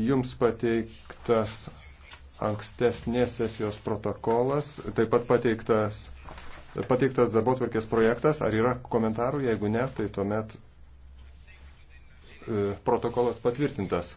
jums pateiktas ankstesnės sesijos protokolas, taip pat pateiktas, pateiktas darbo tvarkės projektas. Ar yra komentarų? Jeigu ne, tai tuomet e, protokolas patvirtintas.